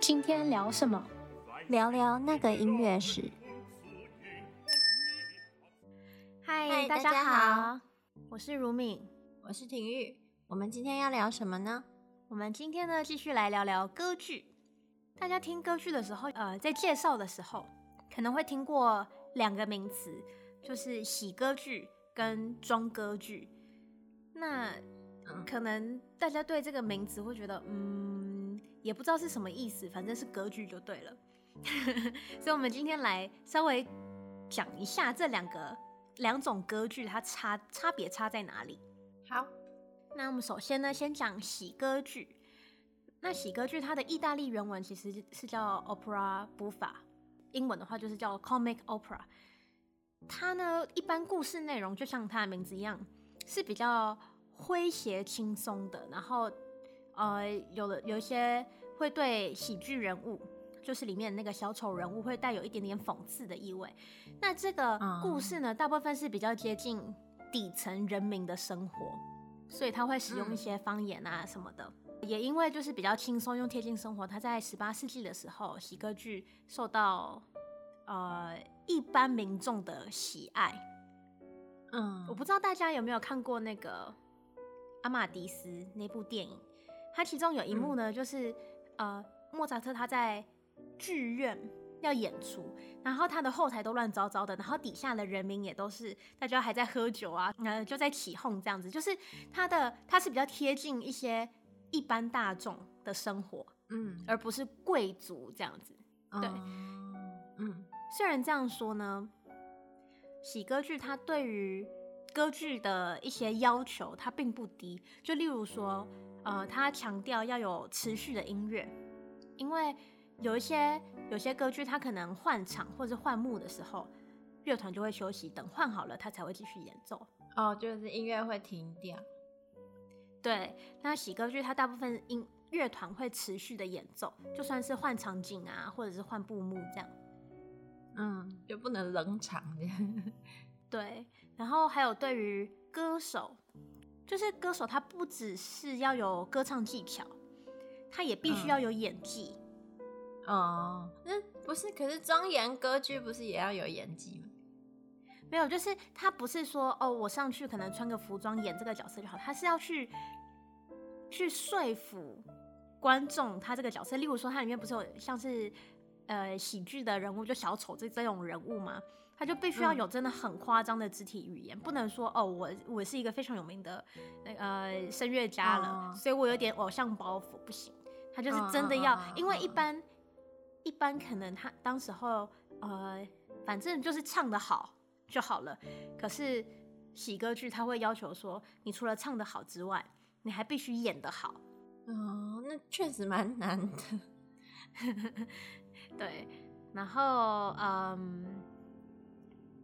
今天聊什麼？聊聊那個音樂史。嗨，大家好，我是如敏，我是婷玉。我們今天要聊什麼呢？我們今天呢，繼續來聊聊歌劇。大家聽歌劇的時候，呃，在介紹的時候，可能會聽過兩個名詞。就是喜歌劇跟莊歌劇，那可能大家對這個名字會覺得，嗯，也不知道是什麼意思，反正是歌劇就對了。 所以，我們今天來稍微講一下這兩個兩種歌劇它差差別差在哪裡。好，那我們首先呢，先講喜歌劇。那喜歌劇它的意大利原文其實是叫 opera buffa，英文的話就是叫 comic opera。他呢，一般故事內容，就像他的名字一樣，是比較詼諧輕鬆的。然後，呃，有有一些會對喜劇人物，就是裡面那個小丑人物，會帶有一點點諷刺的意味。那這個故事呢，大部分是比較接近底層人民的生活，所以他會使用一些方言啊什麼的。也因為就是比較輕鬆又貼近生活，他在十八世紀的時候，喜歌劇受到，呃、一般民眾的喜愛，嗯，我不知道大家有沒有看過那個《阿瑪迪斯》那部電影，它其中有一幕呢，嗯、就是、呃、莫扎特他在劇院要演出，然後他的後台都亂糟糟的，然後底下的人民也都是大家還在喝酒啊，就在起鬨這樣子，就是他的他是比較貼近一些一般大眾的生活，嗯，而不是貴族這樣子，嗯、對，嗯。雖然這樣說呢，喜歌劇它對於歌劇的一些要求它並不低，就例如說，呃，它強調要有持續的音樂，因為有一些有些歌劇它可能換場或者換幕的時候，樂團就會休息，等換好了它才會繼續演奏。哦，就是音樂會停掉。對，那喜歌劇它大部分音樂樂團會持續的演奏，就算是換場景啊，或者是換布幕這樣。嗯，就不能冷場。對，然後還有對於歌手，就是歌手他不只是要有歌唱技巧，他也必須要有演技。哦、嗯嗯，那不是？可是莊嚴歌劇不是也要有演技嗎？沒有，就是他不是說哦，我上去可能穿個服裝演這個角色就好，他是要去去說服觀眾他這個角色。例如說，他裡面不是有像是。呃，喜劇的人物就小丑這這種人物嘛，他就必須要有真的很誇張的肢體語言，嗯、不能說哦，我我是一個非常有名的呃聲樂家了，哦、所以我有點偶像包袱不行。他就是真的要，哦哦哦哦哦，因為一般一般可能他當時候呃，反正就是唱得好就好了。可是喜歌劇他會要求說，你除了唱得好之外，你還必須演得好。哦，那確實蠻難的。 對，然後嗯，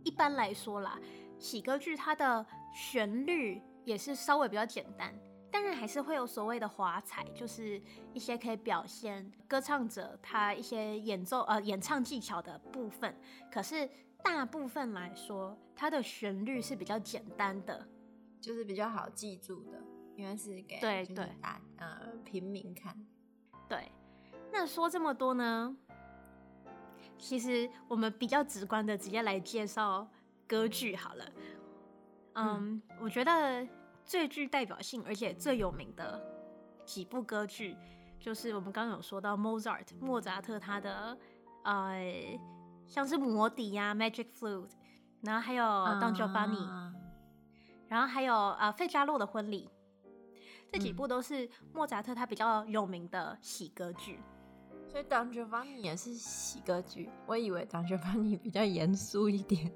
一般來說啦，喜歌劇它的旋律也是稍微比較簡單，當然還是會有所謂的華彩，就是一些可以表現歌唱者他一些演奏呃演唱技巧的部分。可是大部分來說，它的旋律是比較簡單的，就是比較好記住的，因為是給是對對呃平民看。對，那說這麼多呢，其實我們比較直觀的直接來介紹歌劇好了。Um, 嗯，我覺得最具代表性而且最有名的幾部歌劇，就是我們剛剛有說到 Mozart 莫扎特他的、嗯、呃像是魔笛呀《Magic Flute、啊》，然後還有《Don、呃、Giovanni》，然後還有啊費加洛的婚禮，這幾部都是莫扎特他比較有名的喜歌劇。所以 Don Giovanni 也是喜歌劇，我以為 Don Giovanni 比較嚴肅一點。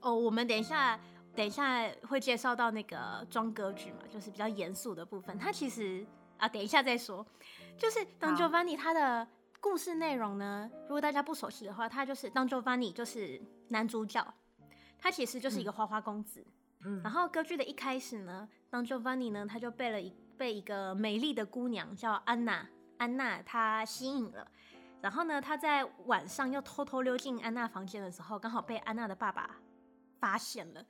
哦，我們等一下，等一下會介紹到那個莊歌劇嘛，就是比較嚴肅的部分。他其實啊，等一下再說。就是 Don Giovanni 他的故事內容呢，好如果大家不熟悉的話，他就是 Don Giovanni 就是男主角，他其實就是一個花花公子。嗯。然後歌劇的一開始呢、嗯、Don Giovanni 呢他就背了一背一個美麗的姑娘叫安娜。安娜，她吸引了。然後呢，她在晚上又偷偷溜進安娜房間的時候，剛好被安娜的爸爸發現了。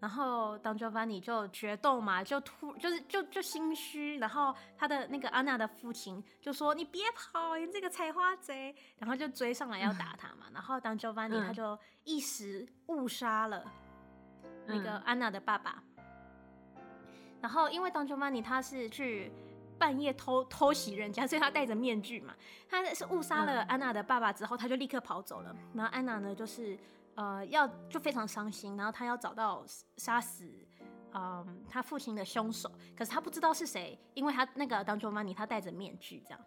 然後，Don Giovanni 就決鬥嘛，就突就是就就心虛。然後他的那個安娜的父親就說：“ 你別跑，你這個採花賊。”然後就追上來要打他嘛。嗯、然後 Don Giovanni 他就一時誤殺了那個安娜的爸爸。嗯、然後，因為 Don Giovanni 他是去。半夜偷偷襲人家，所以他戴着面具嘛。他是誤殺了安娜的爸爸之後，嗯、他就立刻跑走了。然後安娜呢，就是呃要就非常傷心，然後他要找到殺死、呃、他父親的兇手，可是他不知道是誰，因為他那個 Don Giovanni 他戴着面具這樣。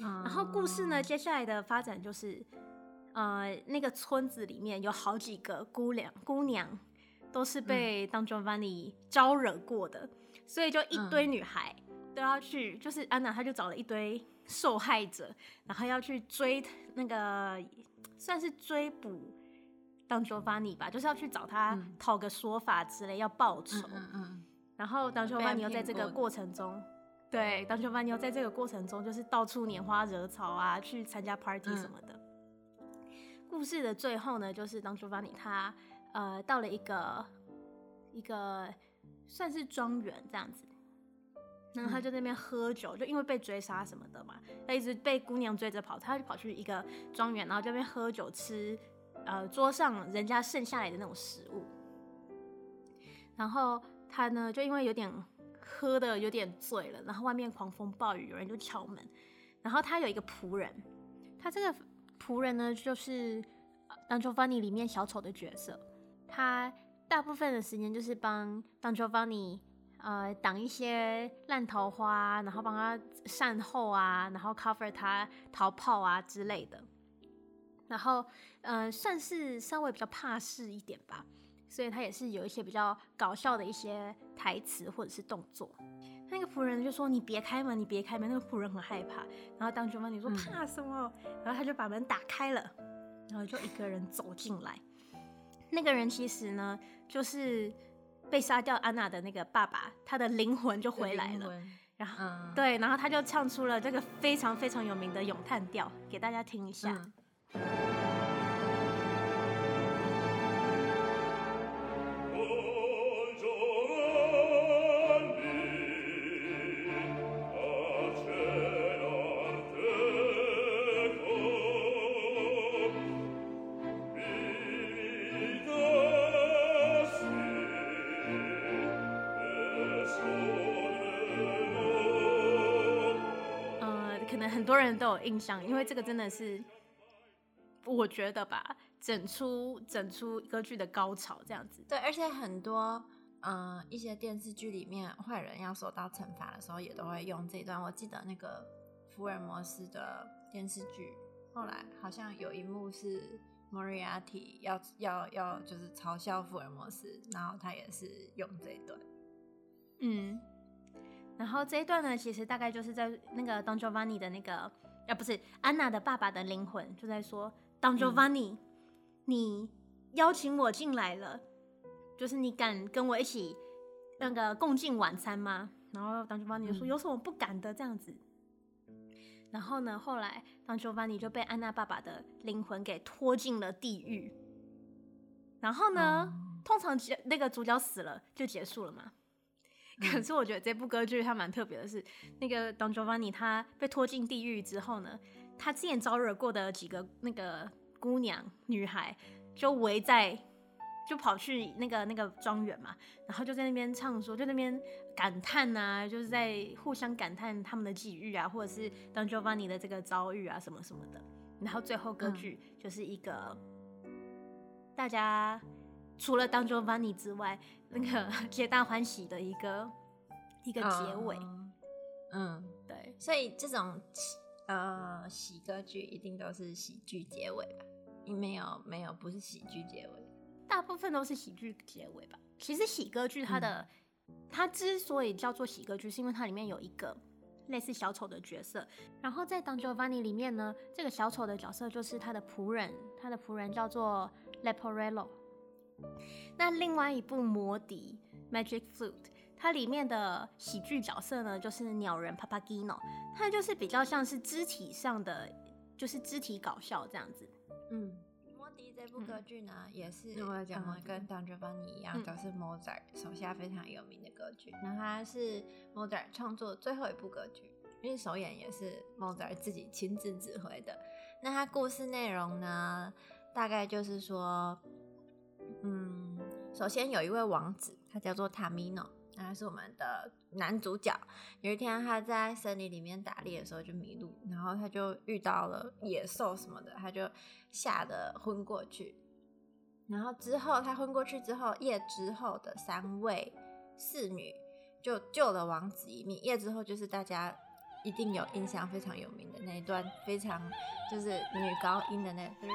嗯、然後故事呢，接下來的發展就是呃那個村子裡面有好幾個姑娘，姑娘都是被 Don Giovanni 招惹過的，嗯、所以就一堆女孩。嗯要去，就是安娜，她就找了一堆受害者，然後要去追那個，算是追捕當修發尼吧，就是要去找他討個說法之類，嗯、要報仇。嗯，嗯，嗯然後唐喬望尼又在這個過程中，對，唐喬望尼又在這個過程中，就是到處拈花惹草啊，嗯、去參加 party 什麼的。嗯、故事的最後呢，就是唐喬望尼他呃到了一個一個算是莊園這樣子。然後他就在那邊喝酒，嗯、就因為被追殺什麼的嘛，他一直被姑娘追着跑，他就跑去一個莊園，然後在那邊喝酒吃，呃，桌上人家剩下來的那種食物。然後他呢，就因為有點喝得有點醉了，然後外面狂風暴雨，有人就敲門。然後他有一個僕人，他這個僕人呢，就是唐喬望尼裡面小丑的角色，他大部分的時間就是幫唐喬望尼。呃，擋一些爛桃花，然後幫他善後啊，然後 cover 他逃跑啊之類的。然後，嗯、呃，算是稍微比較怕事一點吧，所以他也是有一些比較搞笑的一些台詞或者是動作。那個僕人就說：“你別開門，你別開門。”那個僕人很害怕。然後唐喬望尼說：“嗯、怕什麼？”然後他就把門打開了，然後就一個人走進來。那個人其實呢，就是。被殺掉安娜的那個爸爸，他的靈魂就回來了，然後、嗯、對，然後他就唱出了這個非常非常有名的詠嘆調，給大家聽一下。嗯很多人都有印象，因為這個真的是我覺得吧，整出整出歌劇的高潮這樣子。對，而且很多嗯、呃、一些電視劇裡面壞人要受到懲罰的時候，也都會用這一段。我記得那個福爾摩斯的電視劇，後來好像有一幕是莫里亞蒂要要要就是嘲笑福爾摩斯，然後他也是用這一段，嗯。然後這一段呢，其實大概就是在那個 Don Giovanni 的那個，呃、啊，不是安娜的爸爸的靈魂就在說、嗯、Don Giovanni，你邀請我進來了，就是你敢跟我一起那個共進晚餐嗎？然後 Don Giovanni 說、嗯、有什麼不敢的這樣子。然後呢，後來 Don Giovanni 就被安娜爸爸的靈魂給拖進了地獄。然後呢，嗯、通常那個主角死了就結束了嘛。可是我覺得這部歌劇它蠻特別的是，是那個 Don Giovanni 他被拖進地獄之後呢，他之前招惹過的幾個那個姑娘女孩就圍在，就跑去那個那個莊園嘛，然後就在那邊唱說，就在那邊感嘆啊，就是在互相感嘆他們的際遇啊，或者是 Don Giovanni 的這個遭遇啊什麼什麼的，然後最後歌劇就是一個大家。除了《Don Giovanni》之外，那個皆大歡喜的一個一個結尾，uh, 嗯，對，所以這種喜呃喜歌劇一定都是喜劇結尾吧？沒有沒有，不是喜劇結尾，大部分都是喜劇結尾吧？其實喜歌劇它的、嗯、它之所以叫做喜歌劇，是因為它裡面有一個類似小丑的角色。然後在《Don Giovanni》裡面呢，這個小丑的角色就是他的僕人，他的僕人叫做 Leporello。那另外一部《魔笛》（Magic Flute），它裡面的喜劇角色呢，就是鳥人 Papageno。它就是比較像是肢體上的，就是肢體搞笑這樣子。嗯，《魔笛》這部歌劇呢，嗯、也是我講、嗯嗯嗯、跟我講跟《唐喬望尼》一樣，都是 Mozart 手下非常有名的歌劇。那它、嗯、是 Mozart 創作最後一部歌劇，因為首演也是 Mozart 自己親自指揮的。那它故事內容呢，大概就是說。嗯，首先有一位王子，他叫做塔米諾，他是我們的男主角。有一天他在森林裡面打獵的時候就迷路，然後他就遇到了野獸什麼的，他就嚇得昏過去。然後之後他昏過去之後，夜之後的三位侍女就救了王子一命。夜之後就是大家一定有印象非常有名的那一段，非常就是女高音的那一段。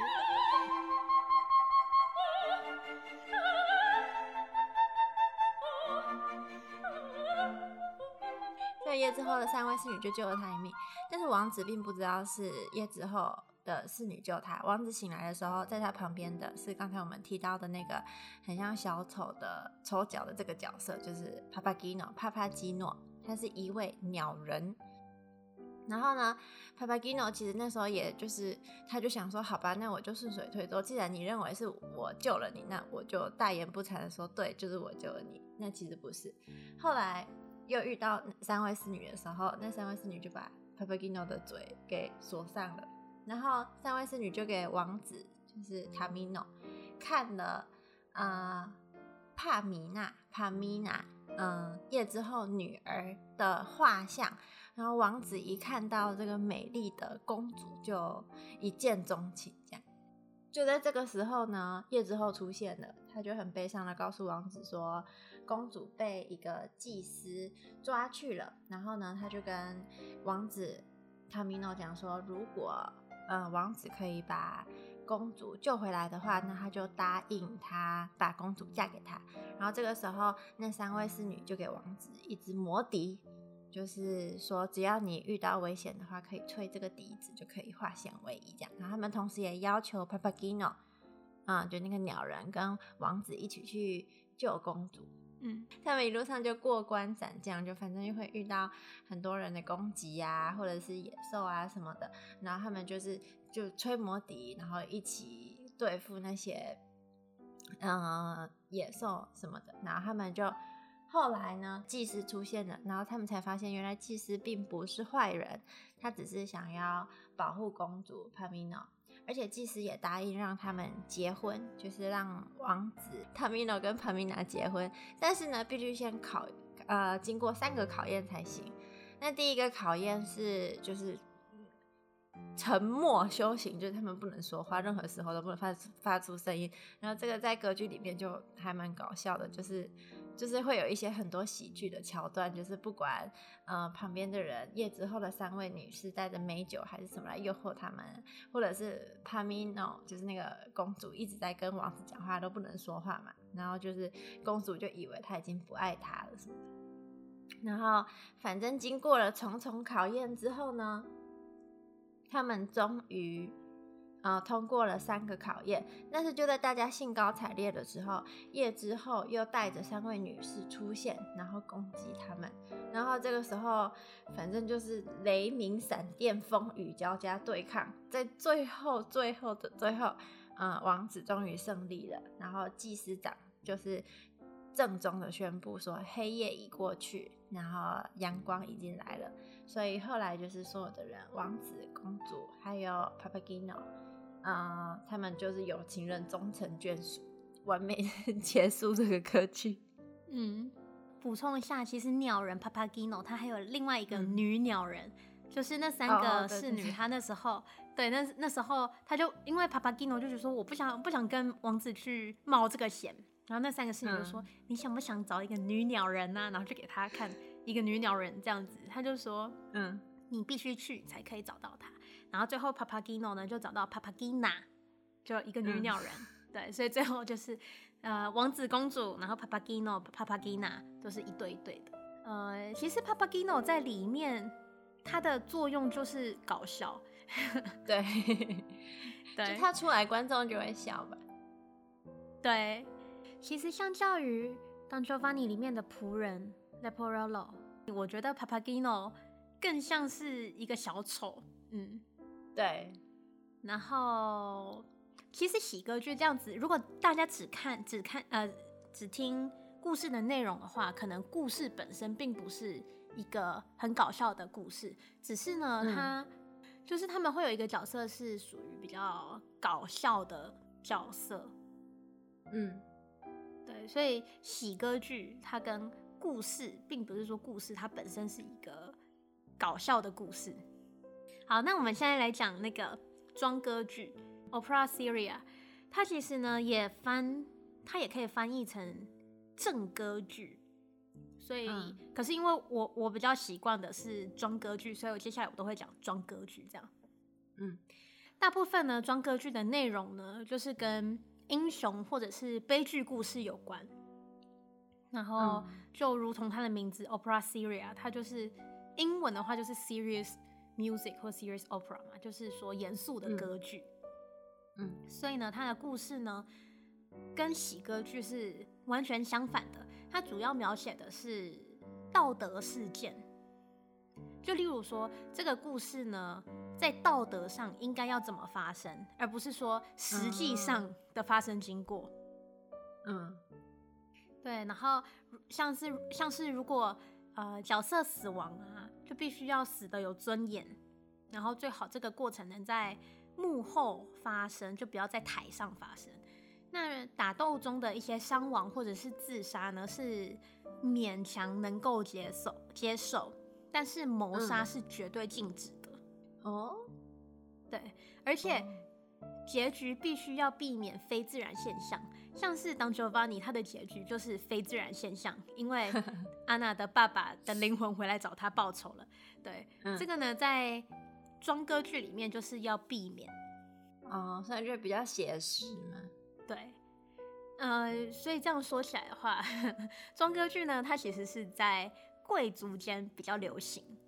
所以夜之後的三位侍女就救了他一命，但是王子並不知道是夜之後的侍女救他。王子醒來的時候，在他旁邊的是剛才我們提到的那個很像小丑的丑角的這個角色，就是帕帕基諾。帕帕基諾，他是一位鳥人。然後呢，Papagino 其實那時候也就是，他就想說，好吧，那我就順水推舟，既然你認為是我救了你，那我就大言不慚的說，對，就是我救了你。那其實不是。後來又遇到三位侍女的時候，那三位侍女就把 Papagino 的嘴給鎖上了。然後三位侍女就給王子，就是 Tamino 看了啊、呃，帕米娜，帕米娜，嗯、呃，夜之後女兒的畫像。然後王子一看到這個美麗的公主，就一見鍾情。這樣，就在這個時候呢，夜之後出現了，他就很悲傷的告訴王子說，公主被一個祭司抓去了。然後呢，他就跟王子塔米諾講說，如果呃、嗯、王子可以把公主救回來的話，那他就答應他把公主嫁給他。然後這個時候，那三位侍女就給王子一支魔笛。就是說，只要你遇到危險的話，可以吹這個笛子，就可以化險為夷這樣。然後他們同時也要求 Papageno，嗯，就那個鳥人跟王子一起去救公主。嗯，他們一路上就過關斬將，就反正就會遇到很多人的攻擊啊，或者是野獸啊什麼的。然後他們就是就吹魔笛，然後一起對付那些嗯、呃、野獸什麼的。然後他們就。後來呢，祭司出現了，然後他們才發現，原來祭司並不是壞人，他只是想要保護公主帕米娜，而且祭司也答應讓他們結婚，就是讓王子 Tamino 跟帕米娜結婚，但是呢，必須先考呃，經過三個考驗才行。那第一個考驗是就是沉默修行，就是他們不能說話，任何時候都不能發發出聲音。然後這個在歌劇裡面就還蠻搞笑的，就是。就是會有一些很多喜劇的橋段，就是不管、呃、旁邊的人，夜之後的三位女士帶着美酒還是什麼來誘惑他們，或者是帕米諾，就是那個公主一直在跟王子講話都不能說話嘛，然後就是公主就以為他已經不愛她了什麼的，然後反正經過了重重考驗之後呢，他們終於。啊、嗯，通過了三個考驗，但是就在大家興高采烈的時候，夜之後又帶着三位女士出現，然後攻擊他們。然後這個時候，反正就是雷鳴、閃電、風雨交加，對抗。在最後、最後的最後，嗯，王子終於勝利了。然後祭司長就是鄭重的宣布說：“黑夜已過去，然後陽光已經來了。”所以後來就是所有的人，王子、公主還有帕帕基諾啊，uh, 他們就是有情人終成眷屬，完美結束這個歌曲。嗯，補充一下，其實鳥人帕帕基諾，他還有另外一個女鳥人，嗯、就是那三個侍女。她、哦哦、那時候，對，那那時候他就因為帕帕基諾就覺得說，我不想不想跟王子去冒這個險。然後那三個侍女就說，嗯、你想不想找一個女鳥人啊？然後就給他看一個女鳥人這樣子，他就說，嗯，你必須去才可以找到他。然後最後，Papagino 呢就找到 Papagina，就一個女鳥人，嗯、對，所以最後就是，呃，王子公主，然後 Papagino、Papagina 都是一對一對的。呃，其實 Papagino 在裡面，它的作用就是搞笑，嗯、 對， 對就他出來觀眾就會笑吧。對，其實相較於《Don Giovanni》裡面的僕人 Leporello，我覺得 Papagino 更像是一個小丑，嗯。對，然後其實喜歌劇這樣子，如果大家只看只看呃只聽故事的內容的話，可能故事本身並不是一個很搞笑的故事，只是呢，他、嗯、就是他們會有一個角色是屬於比較搞笑的角色，嗯，對，所以喜歌劇它跟故事並不是說故事它本身是一個搞笑的故事。好，那我們現在來講那個裝歌劇，opera s y r i a 它其實呢也翻，它也可以翻譯成正歌劇。所以，嗯、可是因為我我比較習慣的是裝歌劇，所以我接下來我都會講裝歌劇這樣。嗯，大部分呢，裝歌劇的內容呢，就是跟英雄或者是悲劇故事有關。然後，就如同它的名字 opera s y r i a 它就是英文的話就是 serious。music 或 series opera 嘛，就是說嚴肅的歌劇，嗯，嗯，所以呢，它的故事呢，跟喜歌劇是完全相反的。它主要描寫的是道德事件，就例如說這個故事呢，在道德上應該要怎麼發生，而不是說實際上的發生經過。嗯，嗯對。然後像是像是如果呃角色死亡啊，就必須要死得有尊嚴，然後最好這個過程能在幕後發生，就不要在台上發生。那打鬥中的一些傷亡或者是自殺呢，是勉強能夠接受接受，但是謀殺是絕對禁止的。哦、嗯，oh? 對，而且。結局必須要避免非自然現象，像是《Don Giovanni》它的結局就是非自然現象，因為安娜的爸爸的靈魂回來找他報仇了。對，嗯、這個呢，在莊歌劇裡面就是要避免。哦，所以就比較寫實嘛。對，呃，所以這樣說起來的話，莊歌劇呢，它其實是在貴族間比較流行。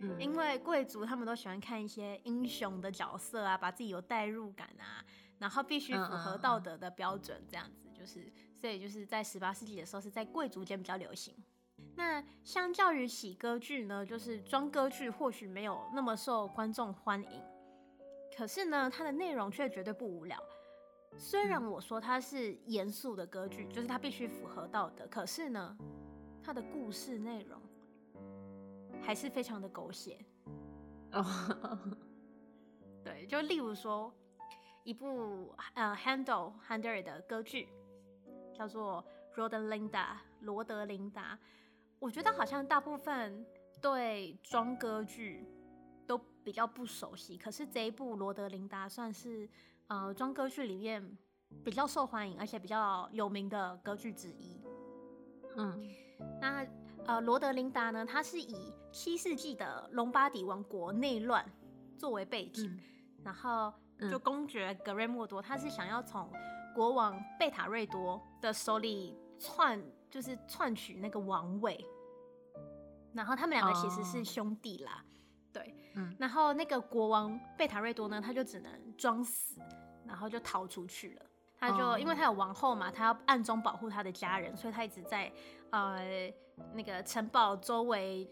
嗯、因為貴族他們都喜歡看一些英雄的角色啊，把自己有代入感啊，然後必須符合道德的標準，這樣子嗯嗯嗯就是，所以就是在十八世紀的時候是在貴族間比較流行。那相較於喜歌劇呢，就是莊歌劇或許沒有那麼受觀眾歡迎，可是呢，它的內容卻絕對不無聊。雖然我說它是嚴肅的歌劇，就是它必須符合道德，可是呢，它的故事內容。還是非常的狗血哦。 對，就例如說，一部呃，Handel Handel 的歌劇叫做《Rodolinda》羅德琳達，我覺得好像大部分對莊歌劇都比較不熟悉，可是這一部《羅德琳達》算是呃，莊歌劇裡面比較受歡迎而且比較有名的歌劇之一。嗯，那。呃，羅德琳達呢，他是以七世紀的隆巴底王國內亂作為背景，嗯、然後就公爵格雷莫多，他、嗯、是想要從國王貝塔瑞多的手裡篡，就是篡取那個王位，然後他們兩個其實是兄弟啦，哦、對，嗯、然後那個國王貝塔瑞多呢，他就只能裝死，然後就逃出去了。他就、oh. 因為他有王后嘛，他要暗中保護他的家人，所以他一直在呃那個城堡周圍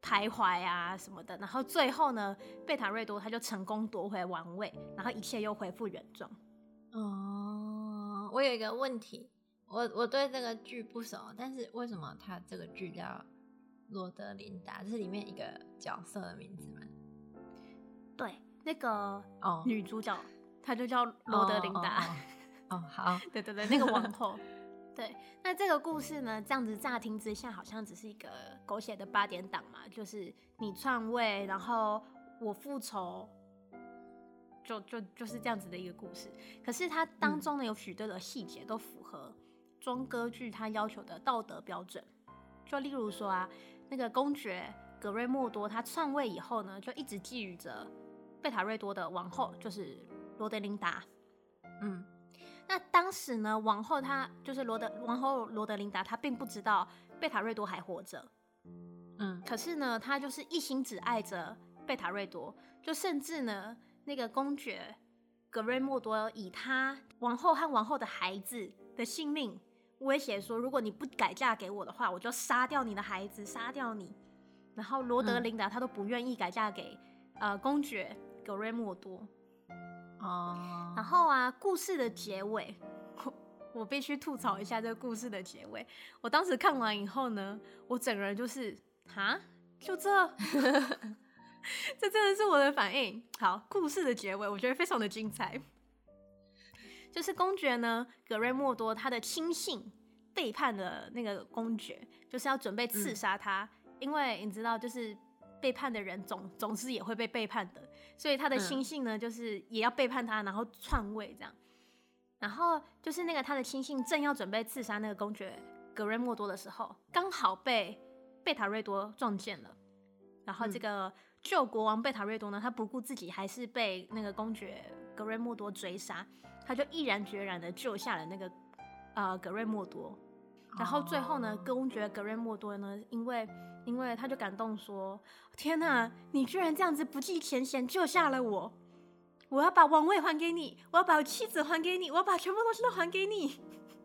徘徊啊什麼的。然後最後呢，貝塔瑞多他就成功奪回王位，然後一切又恢復原狀。哦，oh. 我有一個問題，我我對這個劇不熟，但是為什麼他這個劇叫羅德琳達？這是裡面一個角色的名字嗎？對，那個女主角她、oh. 就叫羅德琳達。Oh. Oh. Oh. Oh. 哦，oh, 好， 對對對，那個王後， 對，那這個故事呢，這樣子乍聽之下好像只是一個狗血的八點檔嘛，就是你篡位，然後我復仇，就就就是這樣子的一個故事。可是它當中呢，嗯、有許多的細節都符合莊歌劇它要求的道德標準，就例如說啊，那個公爵格瑞莫多他篡位以後呢，就一直覬覦着貝塔瑞多的王後，嗯、就是羅德琳達，嗯。那當時呢，王后她就是羅德王后羅德琳達，她並不知道貝塔瑞多還活着。嗯，可是呢，她就是一心只愛着貝塔瑞多，就甚至呢，那個公爵格雷莫多以他王后和王後的孩子的性命威脅說：“如果你不改嫁給我的話，我就殺掉你的孩子，殺掉你。”然後羅德琳達她都不願意改嫁給、嗯、呃公爵格雷莫多。哦，oh. 然後啊，故事的結尾，我我必須吐槽一下這個故事的結尾。我當時看完以後呢，我整個人就是哈，蛤就這， 這真的是我的反應。好，故事的結尾，我覺得非常的精彩。就是公爵呢，格瑞莫多他的親信背叛了那個公爵，就是要準備刺殺他。嗯、因為你知道，就是背叛的人總總是也會被背叛的。所以他的親信呢，嗯、就是也要背叛他，然後篡位這樣。然後就是那個他的親信正要準備刺殺那個公爵格雷莫多的時候，剛好被貝塔瑞多撞見了。然後這個舊國王貝塔瑞多呢，嗯、他不顧自己還是被那個公爵格雷莫多追殺，他就毅然決然的救下了那個呃格雷莫多。然後最後呢，哦、公爵格雷莫多呢，因為。因為他就感動說：“天哪、啊，你居然這樣子不計前嫌救下了我！我要把王位還給你，我要把我妻子還給你，我要把全部東西都還給你。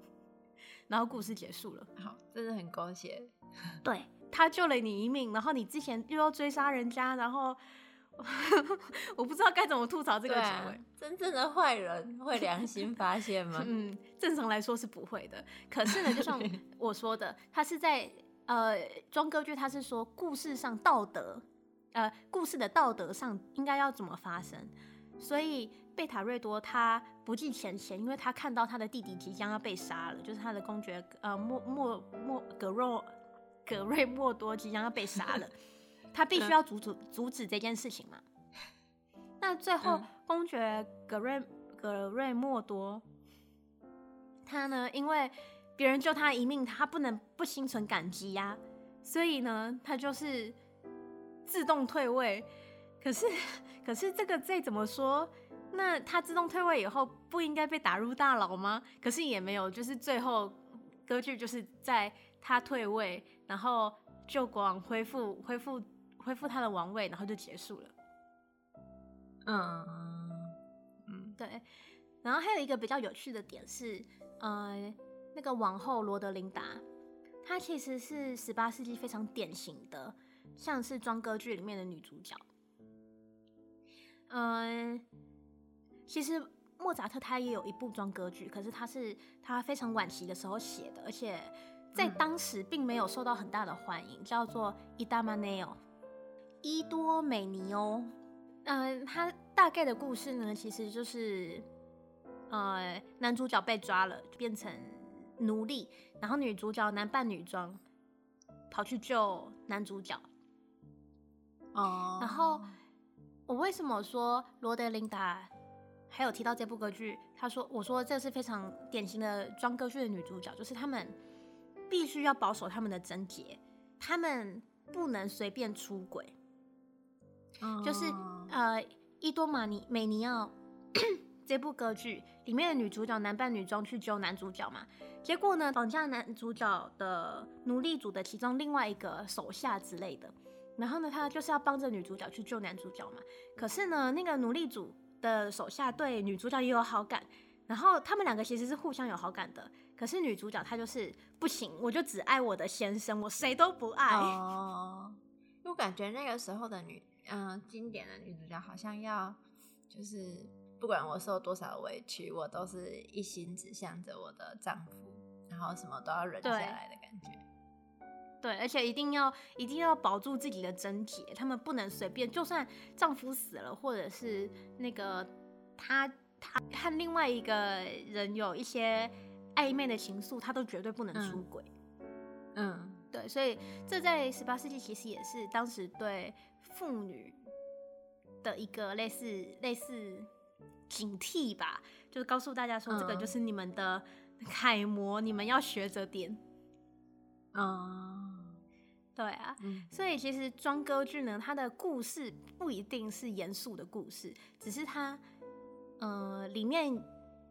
”然後故事結束了。好，真的很狗血。對，他救了你一命，然後你之前又要追殺人家，然後 我不知道該怎麼吐槽這個情節、啊。真正的壞人會良心發現嗎？ 嗯，正常來說是不會的。可是呢，就像我說的， 他是在。呃，莊歌劇他是說故事上道德，呃，故事的道德上應該要怎麼發生？所以貝塔瑞多他不計前嫌，因為他看到他的弟弟即將要被殺了，就是他的公爵呃莫莫莫格瑞格瑞莫多即將要被殺了， 他必須要阻止阻、阻止這件事情嘛。 那最後、嗯、公爵格瑞格瑞莫多，他呢因為。別人救他一命，他不能不心存感激呀、啊。所以呢，他就是自動退位。可是，可是這個再怎麼說，那他自動退位以後，不應該被打入大牢嗎？可是也沒有，就是最後歌劇就是在他退位，然後舊國王，恢復恢復恢復他的王位，然後就結束了。嗯嗯，對。然後還有一個比較有趣的點是，呃。那個王后羅德琳達，她其實是十八世紀非常典型的，像是莊歌劇裡面的女主角。嗯，其實莫扎特他也有一部莊歌劇，可是他是他非常晚期的時候寫的，而且在當時並沒有受到很大的歡迎，叫做《伊達曼尼奧》。伊多美尼奧，嗯，他大概的故事呢，其實就是，呃、嗯，男主角被抓了，變成。奴隸，然後女主角男扮女裝，跑去救男主角。哦，oh. 然後我為什麼說羅德琳達還有提到這部歌劇？她說：“我說這是非常典型的莊歌劇的女主角，就是他們必須要保守他們的貞潔，他們不能隨便出軌。” oh. 就是呃，伊多馬尼美尼奧。 這部歌劇裡面的女主角男扮女裝去救男主角嘛，結果呢，綁架男主角的奴隸主的其中另外一個手下之類的，然後呢，他就是要幫着女主角去救男主角嘛，可是呢，那個奴隸主的手下對女主角也有好感，然後他們兩個其實是互相有好感的，可是女主角她就是不行，我就只愛我的先生，我誰都不愛。哦、呃，我感覺那個時候的女，嗯、呃，經典的女主角好像要就是。不管我受多少委屈，我都是一心只向着我的丈夫，然後什麼都要忍下來的感覺。對，對，而且一定要一定要保住自己的貞潔，他們不能隨便。就算丈夫死了，或者是那個他他看另外一個人有一些曖昧的情愫，他都絕對不能出軌。嗯。嗯，對，所以這在十八世紀其實也是當時對婦女的一個類似類似。警惕吧，就是告訴大家說，這個就是你們的楷模，嗯、你們要學着點。啊、嗯，對啊，嗯、所以其實莊歌劇呢，它的故事不一定是嚴肅的故事，只是它，呃，裡面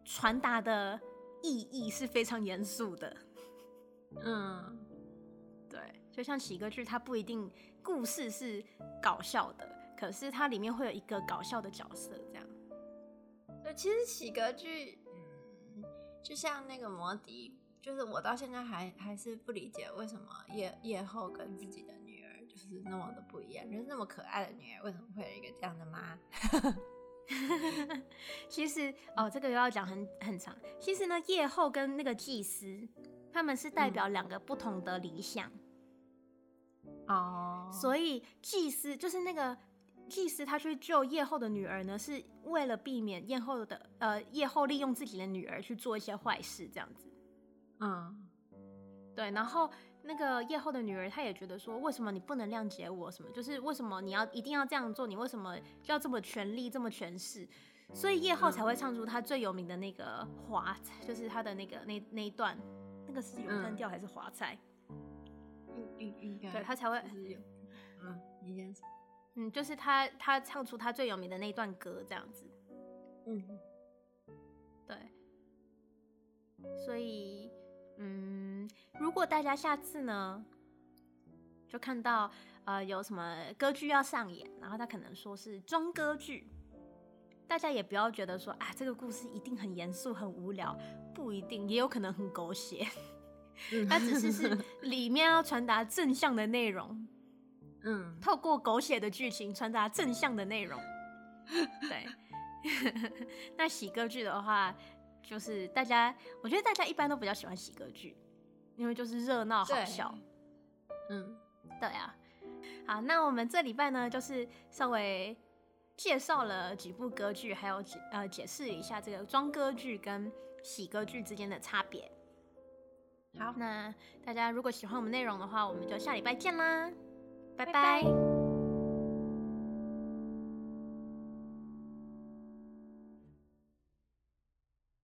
傳達的意義是非常嚴肅的。嗯，對，就像喜歌劇，它不一定故事是搞笑的，可是它裡面會有一個搞笑的角色，這樣。其實喜歌劇，嗯，就像那個魔笛，就是我到現在還還是不理解為什麼夜夜後跟自己的女兒就是那麼的不一樣，就是那麼可愛的女兒，為什麼會有一個這樣的媽？ 其實哦，這個又要講很很長。其實呢，夜後跟那個祭司，他們是代表兩個不同的理想哦，嗯 oh. 所以祭司就是那個。其實他去救夜後的女兒呢，是為了避免夜後的呃夜後利用自己的女兒去做一些壞事，這樣子。嗯，對。然後那個夜後的女兒，她也覺得說，為什麼你不能諒解我？什麼？就是為什麼你要一定要這樣做？你為什麼要這麼權力這麼權勢？所以夜後才會唱出他最有名的那個華，嗯、就是他的那個那那一段，那個是有聲調還是華彩？嗯、對他才會。嗯，你、嗯、先。嗯，就是他，他唱出他最有名的那一段歌，這樣子。嗯，對。所以，嗯，如果大家下次呢，就看到呃有什麼歌劇要上演，然後他可能說是莊歌劇，大家也不要覺得說啊這個故事一定很嚴肅很無聊，不一定，也有可能很狗血。嗯、 他只是是裡面要傳達正向的內容。嗯，透過狗血的劇情傳達正向的內容。對， 那喜歌劇的話，就是大家，我覺得大家一般都比較喜歡喜歌劇，因為就是熱鬧好笑。對嗯，對啊。好，那我們這禮拜呢，就是稍微介紹了幾部歌劇，還有解呃解釋一下這個莊歌劇跟喜歌劇之間的差別。好，那大家如果喜歡我們內容的話，我們就下禮拜見啦。拜拜。拜拜。